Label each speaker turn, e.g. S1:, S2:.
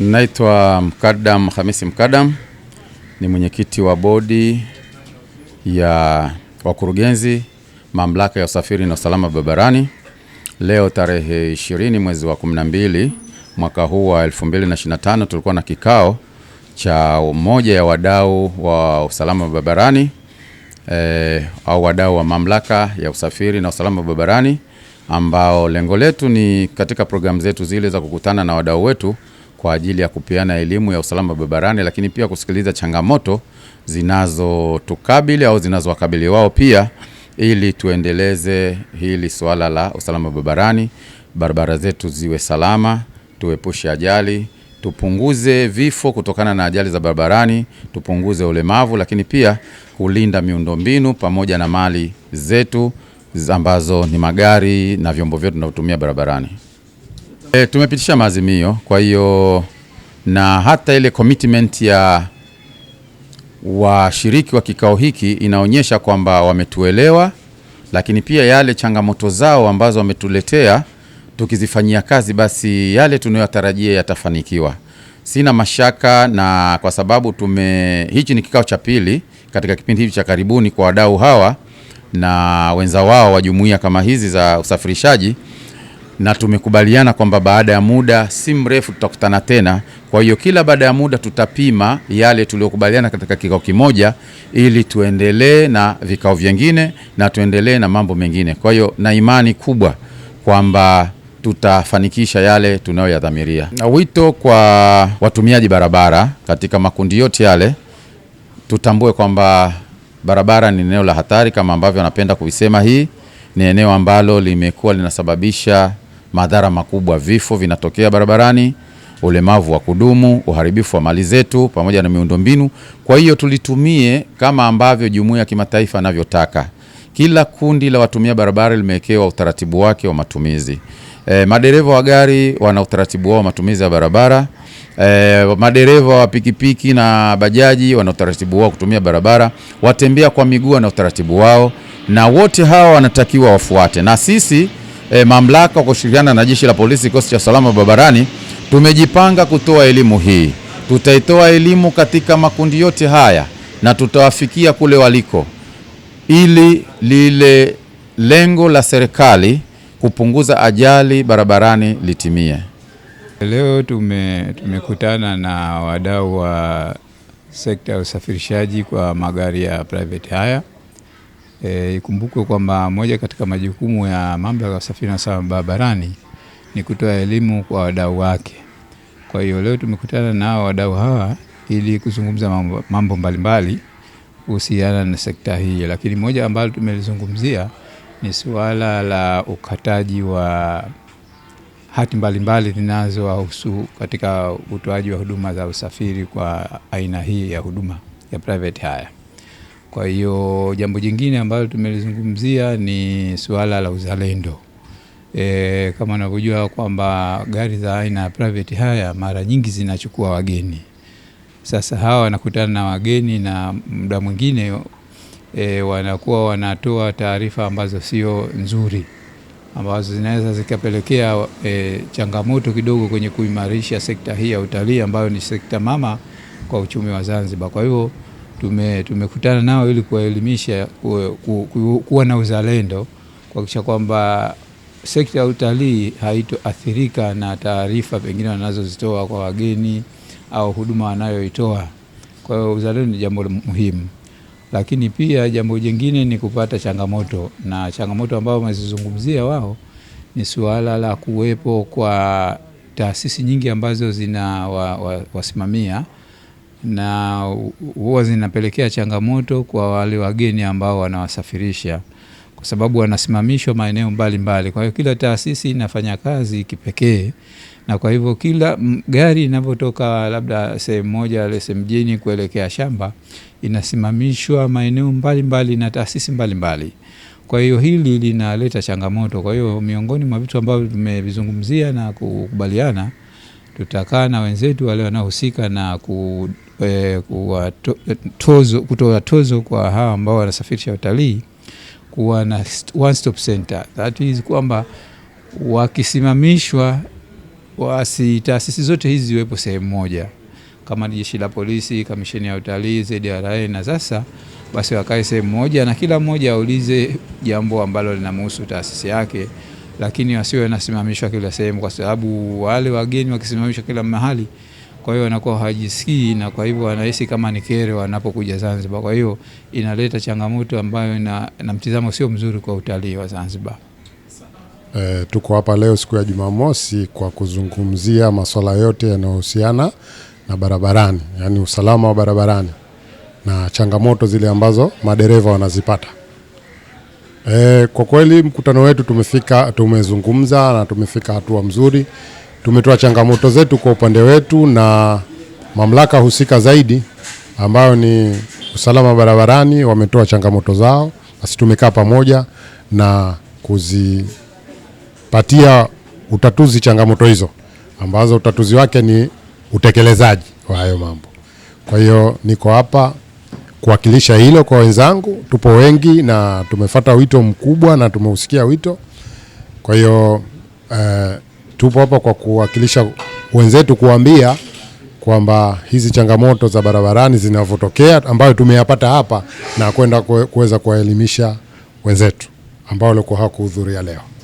S1: Naitwa Mkadam Hamisi Mkadam, ni mwenyekiti wa bodi ya wakurugenzi mamlaka ya usafiri na usalama barabarani. Leo tarehe 20 mwezi wa 12 mwaka huu wa 2025 tulikuwa na kikao cha mmoja ya wadau wa usalama barabarani e, au wadau wa mamlaka ya usafiri na usalama barabarani ambao lengo letu ni katika programu zetu zile za kukutana na wadau wetu kwa ajili ya kupeana elimu ya usalama barabarani, lakini pia kusikiliza changamoto zinazotukabili au zinazowakabili wao pia, ili tuendeleze hili suala la usalama barabarani, barabara zetu ziwe salama, tuepushe ajali, tupunguze vifo kutokana na ajali za barabarani, tupunguze ulemavu, lakini pia kulinda miundombinu pamoja na mali zetu ambazo ni magari na vyombo vyetu tunavyotumia barabarani. E, tumepitisha maazimio, kwa hiyo na hata ile commitment ya washiriki wa kikao hiki inaonyesha kwamba wametuelewa, lakini pia yale changamoto zao ambazo wametuletea tukizifanyia kazi, basi yale tunayotarajia yatafanikiwa. Sina mashaka na kwa sababu tume, hichi ni kikao cha pili katika kipindi hichi cha karibuni kwa wadau hawa na wenza wao wa jumuiya kama hizi za usafirishaji na tumekubaliana kwamba baada ya muda si mrefu tutakutana tena. Kwa hiyo kila baada ya muda tutapima yale tuliyokubaliana katika kikao kimoja, ili tuendelee na vikao vyengine na tuendelee na mambo mengine. Kwa hiyo na imani kubwa kwamba tutafanikisha yale tunayoyadhamiria. Na wito kwa watumiaji barabara katika makundi yote yale, tutambue kwamba barabara ni eneo la hatari, kama ambavyo wanapenda kuisema, hii ni eneo ambalo limekuwa linasababisha madhara makubwa, vifo vinatokea barabarani, ulemavu wa kudumu, uharibifu wa mali zetu pamoja na miundombinu. Kwa hiyo tulitumie kama ambavyo jumuiya ya kimataifa anavyotaka Kila kundi la watumia barabara limewekewa utaratibu wake wa matumizi. E, madereva wa gari wana utaratibu wao wa matumizi ya barabara. E, madereva wa pikipiki na bajaji wana utaratibu wao kutumia barabara. Watembea kwa miguu wana utaratibu wao, na wote hawa wanatakiwa wafuate, na sisi e, mamlaka kushirikiana na jeshi la polisi, kikosi cha usalama barabarani, tumejipanga kutoa elimu hii. Tutaitoa elimu katika makundi yote haya na tutawafikia kule waliko, ili lile lengo la serikali kupunguza ajali barabarani litimie.
S2: Leo tume, tumekutana na wadau wa sekta ya usafirishaji kwa magari ya private haya E, ikumbukwe kwamba moja katika majukumu ya Mamlaka ya Usafiri na Usalama Barabarani ni kutoa elimu kwa wadau wake. Kwa hiyo leo tumekutana na wadau hawa ili kuzungumza mambo, mambo mbalimbali kuhusiana na sekta hii, lakini moja ambalo tumelizungumzia ni suala la ukataji wa hati mbalimbali zinazowahusu katika utoaji wa huduma za usafiri kwa aina hii ya huduma ya private hire. Kwa hiyo jambo jingine ambalo tumelizungumzia ni suala la uzalendo. E, kama unavyojua kwamba gari za aina ya private haya mara nyingi zinachukua wageni. Sasa hawa wanakutana na wageni na muda mwingine e, wanakuwa wanatoa taarifa ambazo sio nzuri, ambazo zinaweza zikapelekea e, changamoto kidogo kwenye kuimarisha sekta hii ya utalii ambayo ni sekta mama kwa uchumi wa Zanzibar. Kwa hiyo tume, tumekutana nao ili kuwaelimisha ku, ku, ku, kuwa na uzalendo kuhakikisha kwamba sekta ya utalii haitoathirika na taarifa pengine wanazozitoa kwa wageni au huduma wanayoitoa. Kwa hiyo uzalendo ni jambo muhimu, lakini pia jambo jingine ni kupata changamoto, na changamoto ambayo wamezizungumzia wao ni suala la kuwepo kwa taasisi nyingi ambazo zina wasimamia wa, wa na huwa zinapelekea changamoto kwa wale wageni ambao wanawasafirisha kwa sababu wanasimamishwa maeneo mbalimbali. Kwa hiyo kila taasisi inafanya kazi kipekee, na kwa hivyo kila gari inavyotoka labda sehemu moja sehemu mjini kuelekea shamba inasimamishwa maeneo mbalimbali na taasisi mbalimbali. Kwa hiyo hili linaleta changamoto. Kwa hiyo miongoni mwa vitu ambavyo tumevizungumzia na kukubaliana tutakaa na wenzetu wale wanaohusika na ku, e, kuwa to, tozo, kutoa tozo kwa hawa ambao wanasafirisha watalii kuwa na one stop center, that is kwamba wakisimamishwa wasi taasisi zote hizi ziwepo sehemu moja, kama ni jeshi la polisi, kamisheni ya utalii, ZRA na sasa basi wakae sehemu moja, na kila mmoja aulize jambo ambalo linamhusu taasisi yake lakini wasiwe wanasimamishwa kila sehemu, kwa sababu wale wageni wakisimamishwa kila mahali, kwa hiyo wanakuwa hawajisikii na kwa hivyo wanahisi kama ni kero wanapokuja Zanzibar. Kwa hiyo inaleta changamoto ambayo na, na mtizamo sio mzuri kwa utalii wa Zanzibar.
S3: E, tuko hapa leo siku ya Jumamosi kwa kuzungumzia masuala yote yanayohusiana na barabarani, yaani usalama wa barabarani na changamoto zile ambazo madereva wanazipata. E, kwa kweli mkutano wetu tumefika, tumezungumza na tumefika hatua mzuri, tumetoa changamoto zetu kwa upande wetu na mamlaka husika zaidi ambayo ni usalama barabarani, wametoa changamoto zao, basi tumekaa pamoja na kuzipatia utatuzi changamoto hizo ambazo utatuzi wake ni utekelezaji wa hayo mambo. Kwa hiyo niko hapa kuwakilisha hilo kwa wenzangu. Tupo wengi na tumefata wito mkubwa na tumeusikia wito, kwa hiyo uh, tupo hapa kwa kuwakilisha wenzetu, kuambia kwamba hizi changamoto za barabarani zinavyotokea ambayo tumeyapata hapa na kwenda kuweza kuwaelimisha wenzetu ambao walikuwa hawakuhudhuria leo.